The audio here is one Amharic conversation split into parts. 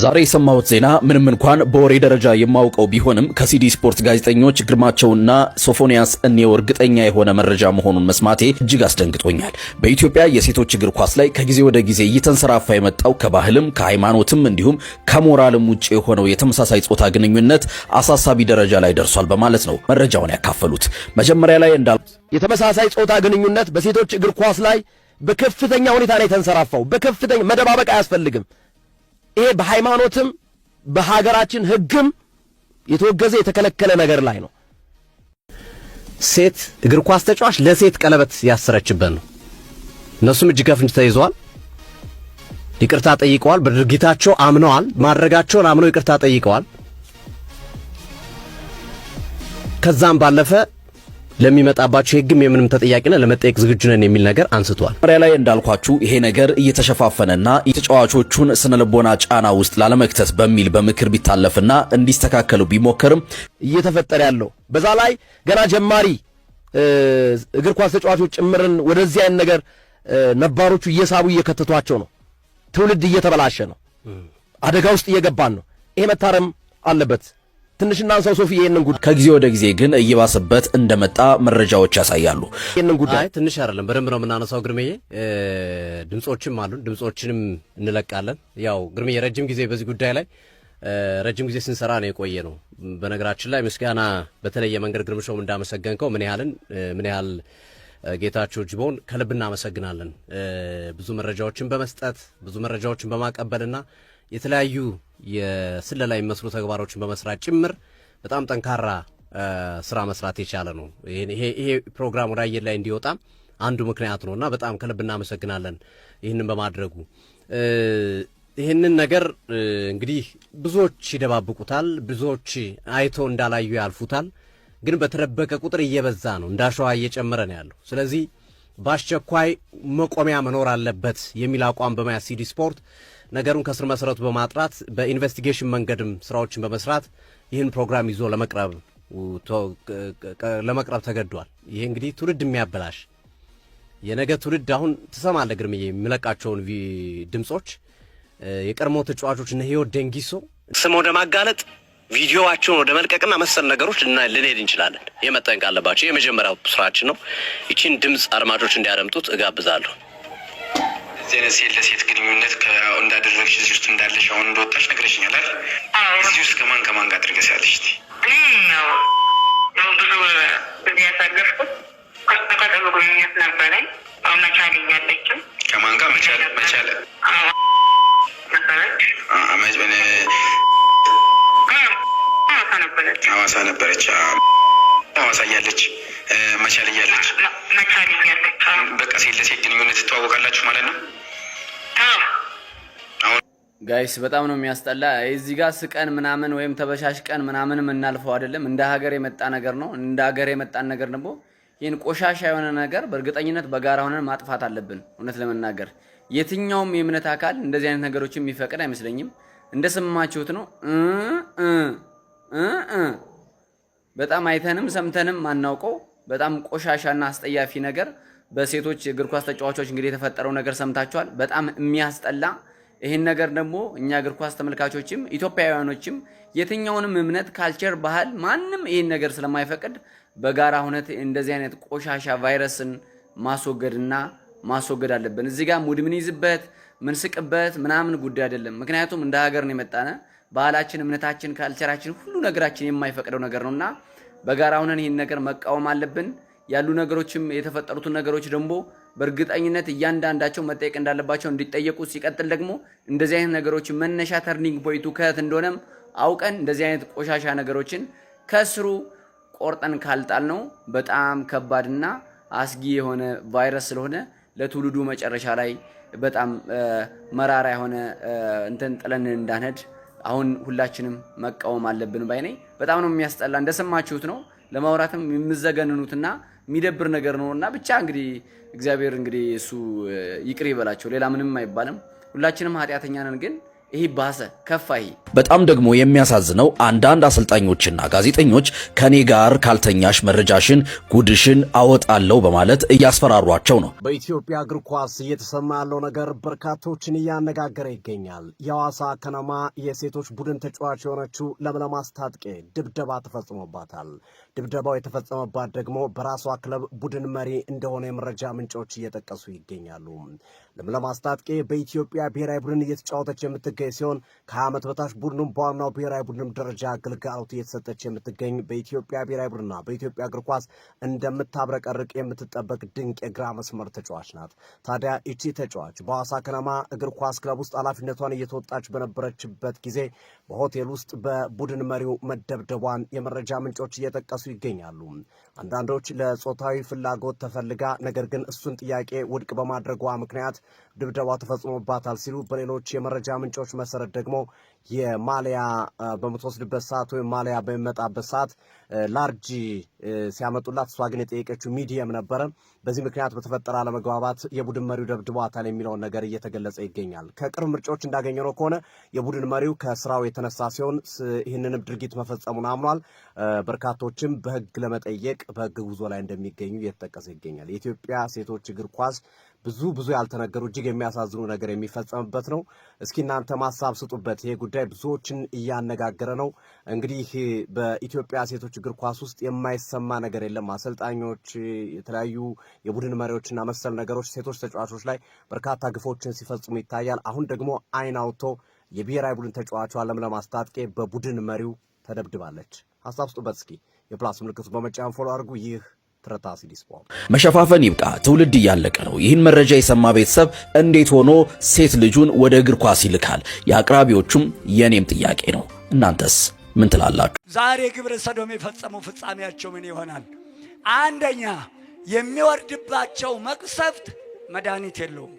ዛሬ የሰማሁት ዜና ምንም እንኳን በወሬ ደረጃ የማውቀው ቢሆንም ከሲዲ ስፖርት ጋዜጠኞች ግርማቸውና ሶፎንያስ እኔው እርግጠኛ የሆነ መረጃ መሆኑን መስማቴ እጅግ አስደንግጦኛል። በኢትዮጵያ የሴቶች እግር ኳስ ላይ ከጊዜ ወደ ጊዜ እየተንሰራፋ የመጣው ከባህልም ከሃይማኖትም እንዲሁም ከሞራልም ውጭ የሆነው የተመሳሳይ ጾታ ግንኙነት አሳሳቢ ደረጃ ላይ ደርሷል በማለት ነው መረጃውን ያካፈሉት። መጀመሪያ ላይ እንዳልኩት የተመሳሳይ ጾታ ግንኙነት በሴቶች እግር ኳስ ላይ በከፍተኛ ሁኔታ ላይ ተንሰራፋው። በከፍተኛ መደባበቅ አያስፈልግም። ይሄ በሃይማኖትም በሀገራችን ህግም የተወገዘ የተከለከለ ነገር ላይ ነው። ሴት እግር ኳስ ተጫዋች ለሴት ቀለበት ያሰረችበት ነው። እነሱም እጅ ከፍንጅ ተይዘዋል፣ ይቅርታ ጠይቀዋል። በድርጊታቸው አምነዋል፣ ማድረጋቸውን አምነው ይቅርታ ጠይቀዋል። ከዛም ባለፈ ለሚመጣባቸው የህግም የምንም ተጠያቂና ለመጠየቅ ዝግጁ ነን የሚል ነገር አንስቷል። መሪያ ላይ እንዳልኳችሁ ይሄ ነገር እየተሸፋፈነና የተጫዋቾቹን ስነልቦና ጫና ውስጥ ላለመክተት በሚል በምክር ቢታለፍና እንዲስተካከሉ ቢሞከርም እየተፈጠረ ያለው በዛ ላይ ገና ጀማሪ እግር ኳስ ተጫዋቾች ጭምርን ወደዚህ አይነት ነገር ነባሮቹ እየሳቡ እየከተቷቸው ነው። ትውልድ እየተበላሸ ነው። አደጋ ውስጥ እየገባን ነው። ይሄ መታረም አለበት። ትንሽና አንሳው ሶፊ ይሄንን ጉድ ከጊዜ ወደ ጊዜ ግን እየባሰበት እንደመጣ መረጃዎች ያሳያሉ። ይሄንን ጉዳይ ትንሽ አይደለም በደንብ ነው የምናነሳው። ግርምዬ ድምጾችም አሉን፣ ድምጾችንም እንለቃለን። ያው ግርምዬ ረጅም ጊዜ በዚህ ጉዳይ ላይ ረጅም ጊዜ ስንሰራ ነው የቆየ ነው። በነገራችን ላይ ምስጋና በተለየ መንገድ ግርምሾም እንዳመሰገንከው ምን ያህልን ምን ያህል ጌታቸው ጅቦን ከልብ እናመሰግናለን። ብዙ መረጃዎችን በመስጠት ብዙ መረጃዎችን በማቀበልና የተለያዩ የስለላ የሚመስሉ ተግባሮችን በመስራት ጭምር በጣም ጠንካራ ስራ መስራት የቻለ ነው። ይሄ ፕሮግራም ወደ አየር ላይ እንዲወጣ አንዱ ምክንያት ነው እና በጣም ከልብ እናመሰግናለን ይህንን በማድረጉ። ይህንን ነገር እንግዲህ ብዙዎች ይደባብቁታል፣ ብዙዎች አይተው እንዳላዩ ያልፉታል። ግን በተደበቀ ቁጥር እየበዛ ነው፣ እንዳሸዋ እየጨመረ ነው ያለው። ስለዚህ በአስቸኳይ መቆሚያ መኖር አለበት የሚል አቋም በመያዝ ሲዲ ስፖርት ነገሩን ከስር መሰረቱ በማጥራት በኢንቨስቲጌሽን መንገድም ስራዎችን በመስራት ይህን ፕሮግራም ይዞ ለመቅረብ ለመቅረብ ተገዷል። ይሄ እንግዲህ ትውልድ የሚያበላሽ የነገ ትውልድ አሁን ትሰማለ ግርምዬ የሚለቃቸውን ድምጾች የቀድሞ ተጫዋቾች እነ ህይወት ደንጊሶ ስም ወደ ማጋለጥ ቪዲዮዋቸውን ወደ መልቀቅና መሰል ነገሮች ልንሄድ እንችላለን። ይህ መጠንቅ አለባቸው። የመጀመሪያው ስራችን ነው። ይችን ድምፅ አድማጮች እንዲያደምጡት እጋብዛለሁ። እንደዚህ አይነት ሴት ለሴት ግንኙነት እንዳደረግሽ እዚህ ውስጥ እንዳለሽ አሁን እንደወጣሽ ነግረሽኛል አይደል? እዚህ ውስጥ ከማን ከማን ጋር አድርገሽ ያለሽ? ብዙ ጊዜ ነበረኝ። መቻል እያለችም ከማን ጋር መቻል መቻል ነበረች ሐዋሳ ነበረች ሐዋሳ እያለች መቻል እያለች መቻል እያለች በቃ ሴት ለሴት ግንኙነት ትተዋወቃላችሁ ማለት ነው። ጋይስ በጣም ነው የሚያስጠላ። እዚህ ጋር ስቀን ምናምን ወይም ተበሻሽ ቀን ምናምን የምናልፈው አይደለም። እንደ ሀገር የመጣ ነገር ነው። እንደ ሀገር የመጣን ነገር ደግሞ ይህን ቆሻሻ የሆነ ነገር በእርግጠኝነት በጋራ ሆነን ማጥፋት አለብን። እውነት ለመናገር የትኛውም የእምነት አካል እንደዚህ አይነት ነገሮችን የሚፈቅድ አይመስለኝም። እንደሰማችሁት ነው። በጣም አይተንም ሰምተንም ማናውቀው በጣም ቆሻሻና አስጠያፊ ነገር በሴቶች እግር ኳስ ተጫዋቾች እንግዲህ የተፈጠረው ነገር ሰምታችኋል። በጣም የሚያስጠላ ይህን ነገር ደግሞ እኛ እግር ኳስ ተመልካቾችም ኢትዮጵያውያኖችም የትኛውንም እምነት፣ ካልቸር፣ ባህል ማንም ይህን ነገር ስለማይፈቅድ በጋራ ሁነት እንደዚህ አይነት ቆሻሻ ቫይረስን ማስወገድና ማስወገድ አለብን። እዚህ ጋር ሙድ ምንይዝበት ምንስቅበት ምናምን ጉዳይ አይደለም። ምክንያቱም እንደ ሀገር ነው የመጣነ ባህላችን፣ እምነታችን፣ ካልቸራችን ሁሉ ነገራችን የማይፈቅደው ነገር ነውና በጋራ ሆነን ይህን ነገር መቃወም አለብን። ያሉ ነገሮችም የተፈጠሩትን ነገሮች ደግሞ በእርግጠኝነት እያንዳንዳቸው መጠየቅ እንዳለባቸው እንዲጠየቁ፣ ሲቀጥል ደግሞ እንደዚህ አይነት ነገሮች መነሻ ተርኒንግ ፖይንቱ ከየት እንደሆነም አውቀን እንደዚህ አይነት ቆሻሻ ነገሮችን ከስሩ ቆርጠን ካልጣል ነው በጣም ከባድና አስጊ የሆነ ቫይረስ ስለሆነ ለትውልዱ መጨረሻ ላይ በጣም መራራ የሆነ እንትን ጥለን እንዳንሄድ አሁን ሁላችንም መቃወም አለብን ባይ በጣም ነው የሚያስጠላ፣ እንደሰማችሁት ነው። ለማውራትም የምዘገንኑትና የሚደብር ነገር ነው እና ብቻ እንግዲህ እግዚአብሔር እንግዲህ እሱ ይቅር ይበላቸው። ሌላ ምንም አይባልም። ሁላችንም ኃጢአተኛ ነን ግን ይሄ ባሰ ከፋይ። በጣም ደግሞ የሚያሳዝነው አንዳንድ አሰልጣኞችና ጋዜጠኞች ከኔ ጋር ካልተኛሽ መረጃሽን ጉድሽን አወጣለሁ በማለት እያስፈራሯቸው ነው። በኢትዮጵያ እግር ኳስ እየተሰማ ያለው ነገር በርካቶችን እያነጋገረ ይገኛል። የሐዋሳ ከነማ የሴቶች ቡድን ተጫዋች የሆነችው ለምለም አስታጥቄ ድብደባ ተፈጽሞባታል። ድብደባው የተፈጸመባት ደግሞ በራሷ ክለብ ቡድን መሪ እንደሆነ የመረጃ ምንጮች እየጠቀሱ ይገኛሉ። ለምለም አስታጥቂ በኢትዮጵያ ብሔራዊ ቡድን እየተጫወተች የምትገኝ ሲሆን ከ ዓመት በታች ቡድኑም በዋናው ብሔራዊ ቡድንም ደረጃ ግልጋሎት እየተሰጠች የምትገኝ በኢትዮጵያ ብሔራዊ ቡድንና በኢትዮጵያ እግር ኳስ እንደምታብረቀርቅ የምትጠበቅ ድንቅ የግራ መስመር ተጫዋች ናት። ታዲያ ይቺ ተጫዋች በሐዋሳ ከነማ እግር ኳስ ክለብ ውስጥ ኃላፊነቷን እየተወጣች በነበረችበት ጊዜ በሆቴል ውስጥ በቡድን መሪው መደብደቧን የመረጃ ምንጮች እየጠቀሱ ይገኛሉ። አንዳንዶች ለጾታዊ ፍላጎት ተፈልጋ ነገር ግን እሱን ጥያቄ ውድቅ በማድረጓ ምክንያት ድብደባ ተፈጽሞባታል ሲሉ በሌሎች የመረጃ ምንጮች መሰረት ደግሞ የማሊያ በምትወስድበት ሰዓት ወይም ማሊያ በሚመጣበት ሰዓት ላርጅ ሲያመጡላት እሷ ግን የጠየቀችው ሚዲየም ነበረ። በዚህ ምክንያት በተፈጠረ አለመግባባት የቡድን መሪው ደብድቧታል የሚለውን ነገር እየተገለጸ ይገኛል። ከቅርብ እንዳገኘ እንዳገኘነው ከሆነ የቡድን መሪው ከስራው የተነሳ ሲሆን ይህንንም ድርጊት መፈጸሙን አምኗል። በርካቶችም በህግ ለመጠየቅ በህግ ጉዞ ላይ እንደሚገኙ እየተጠቀሰ ይገኛል። የኢትዮጵያ ሴቶች እግር ኳስ ብዙ ብዙ ያልተነገሩ እጅግ የሚያሳዝኑ ነገር የሚፈጸምበት ነው። እስኪ እናንተ ማሳብ ስጡበት። ይሄ ጉዳይ ብዙዎችን እያነጋገረ ነው። እንግዲህ በኢትዮጵያ ሴቶች እግር ኳስ ውስጥ የማይሰማ ነገር የለም። አሰልጣኞች፣ የተለያዩ የቡድን መሪዎችና መሰል ነገሮች ሴቶች ተጫዋቾች ላይ በርካታ ግፎችን ሲፈጽሙ ይታያል። አሁን ደግሞ አይን አውጥቶ የብሔራዊ ቡድን ተጫዋቿ ለምለም አስታጥቄ በቡድን መሪው ተደብድባለች። ሀሳብ ስጡበት እስኪ። የፕላስ ምልክቱ በመጫን ፎሎ አድርጉ። ይህ መሸፋፈን ይብቃ፣ ትውልድ እያለቀ ነው። ይህን መረጃ የሰማ ቤተሰብ እንዴት ሆኖ ሴት ልጁን ወደ እግር ኳስ ይልካል? የአቅራቢዎቹም የኔም ጥያቄ ነው። እናንተስ ምን ትላላችሁ? ዛሬ ግብረ ሰዶም የፈጸመው ፍጻሜያቸው ምን ይሆናል? አንደኛ የሚወርድባቸው መቅሰፍት መድኃኒት የለውም።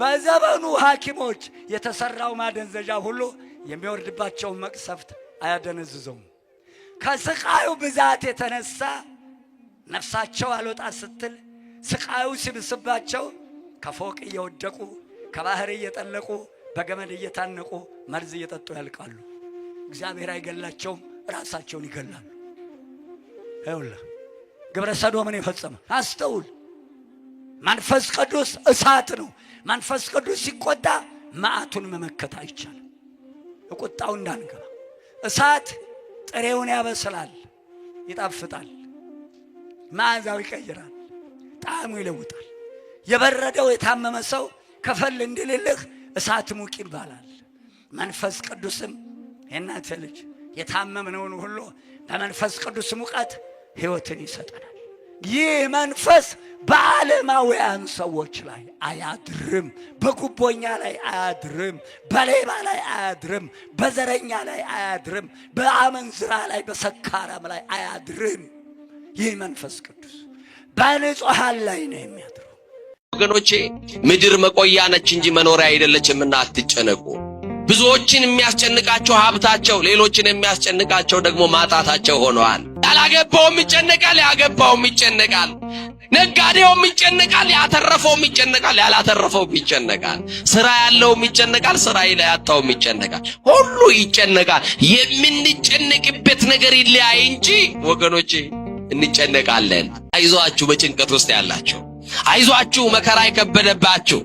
በዘመኑ ሐኪሞች የተሰራው ማደንዘዣ ሁሉ የሚወርድባቸውን መቅሰፍት አያደነዝዘውም። ከስቃዩ ብዛት የተነሳ ነፍሳቸው አልወጣ ስትል ስቃዩ ሲብስባቸው ከፎቅ እየወደቁ ከባህር እየጠለቁ በገመድ እየታነቁ መርዝ እየጠጡ ያልቃሉ። እግዚአብሔር አይገላቸውም፣ ራሳቸውን ይገላሉ። ይኸውልህ ግብረ ሰዶምን የፈጸመ አስተውል። መንፈስ ቅዱስ እሳት ነው። መንፈስ ቅዱስ ሲቆጣ መዓቱን መመከት አይቻልም። ቁጣው እንዳንገባ እሳት ጥሬውን ያበስላል፣ ይጣፍጣል። መዓዛው ይቀይራል፣ ጣዕሙ ይለውጣል። የበረደው የታመመ ሰው ከፈል እንድልልህ እሳት ሙቅ ይባላል። መንፈስ ቅዱስም የእናተ ልጅ የታመምነውን ሁሉ በመንፈስ ቅዱስ ሙቀት ሕይወትን ይሰጠናል። ይህ መንፈስ በዓለማውያን ሰዎች ላይ አያድርም። በጉቦኛ ላይ አያድርም። በሌባ ላይ አያድርም። በዘረኛ ላይ አያድርም። በአመንዝራ ላይ፣ በሰካራም ላይ አያድርም። ይህ መንፈስ ቅዱስ በንጹሐን ላይ ነው የሚያድረው። ወገኖቼ ምድር መቆያ ነች እንጂ መኖሪያ አይደለችምና አትጨነቁ። ብዙዎችን የሚያስጨንቃቸው ሀብታቸው፣ ሌሎችን የሚያስጨንቃቸው ደግሞ ማጣታቸው ሆነዋል። ያላገባውም ይጨነቃል፣ ያገባውም ይጨነቃል፣ ነጋዴውም ይጨነቃል፣ ያተረፈውም ይጨነቃል፣ ያላተረፈውም ይጨነቃል፣ ስራ ያለውም ይጨነቃል፣ ስራ ያጣውም ይጨነቃል፣ ሁሉ ይጨነቃል። የምንጨነቅበት ነገር ይለያይ እንጂ ወገኖቼ እንጨነቃለን። አይዟችሁ በጭንቀት ውስጥ ያላችሁ፣ አይዟችሁ መከራ የከበደባችሁ፣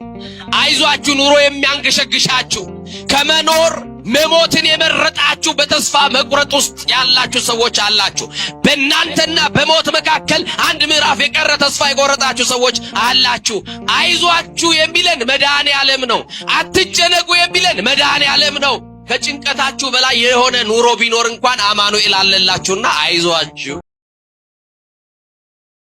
አይዟችሁ ኑሮ የሚያንገሸግሻችሁ፣ ከመኖር መሞትን የመረጣችሁ፣ በተስፋ መቁረጥ ውስጥ ያላችሁ ሰዎች አላችሁ። በእናንተና በሞት መካከል አንድ ምዕራፍ የቀረ ተስፋ የቆረጣችሁ ሰዎች አላችሁ። አይዟችሁ የሚለን መድኃኔ ዓለም ነው። አትጨነቁ የሚለን መድኃኔ ዓለም ነው። ከጭንቀታችሁ በላይ የሆነ ኑሮ ቢኖር እንኳን አማኑኤል አለላችሁና አይዟችሁ።